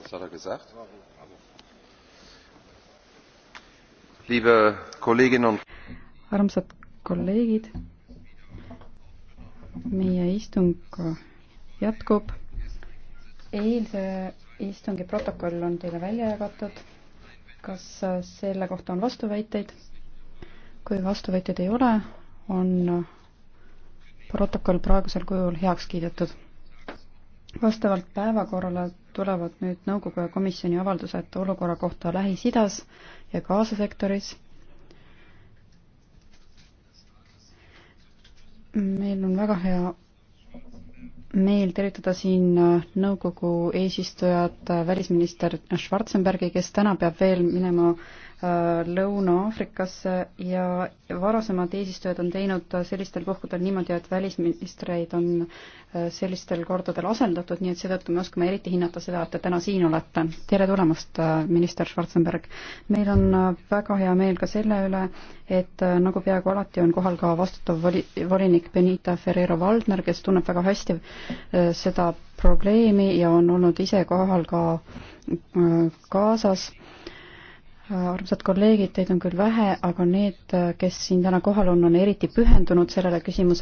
Was hat er gesagt? Liebe Kolleginnen und armsad kolleegid, meie istung jätkub. eilse istungi protokoll on teile välja jagatud. kas selle kohta on vastuväiteid? kui vastuväiteid ei ole, on protokoll praegusel kujul heaks kiidetud. vastavalt päevakorrale tulevad nüüd nõukogu ja komisjoni avaldused olukorra kohta Lähis-Idas ja Gaza sektoris. meil on väga hea meel tervitada siin nõukogu eesistujat, välisminister Schwarzenbergi, kes täna peab veel minema Äh, Lõuna-Aafrikasse ja varasemad eesistujad on teinud äh, sellistel puhkudel niimoodi, et välisministreid on äh, sellistel kordadel asendatud, nii et seetõttu me oskame eriti hinnata seda, et te täna siin olete. tere tulemast, minister Schwarzenberg! meil on väga hea meel ka selle üle, et nagu peaaegu alati on kohal ka vastutav voli-, volinik Benita Ferrero-Valdner, kes tunneb väga hästi seda probleemi ja on olnud ise kohal ka Gazas armsad kolleegid, teid on küll vähe, aga need, kes siin täna kohal on, on eriti pühendunud sellele küsimusele.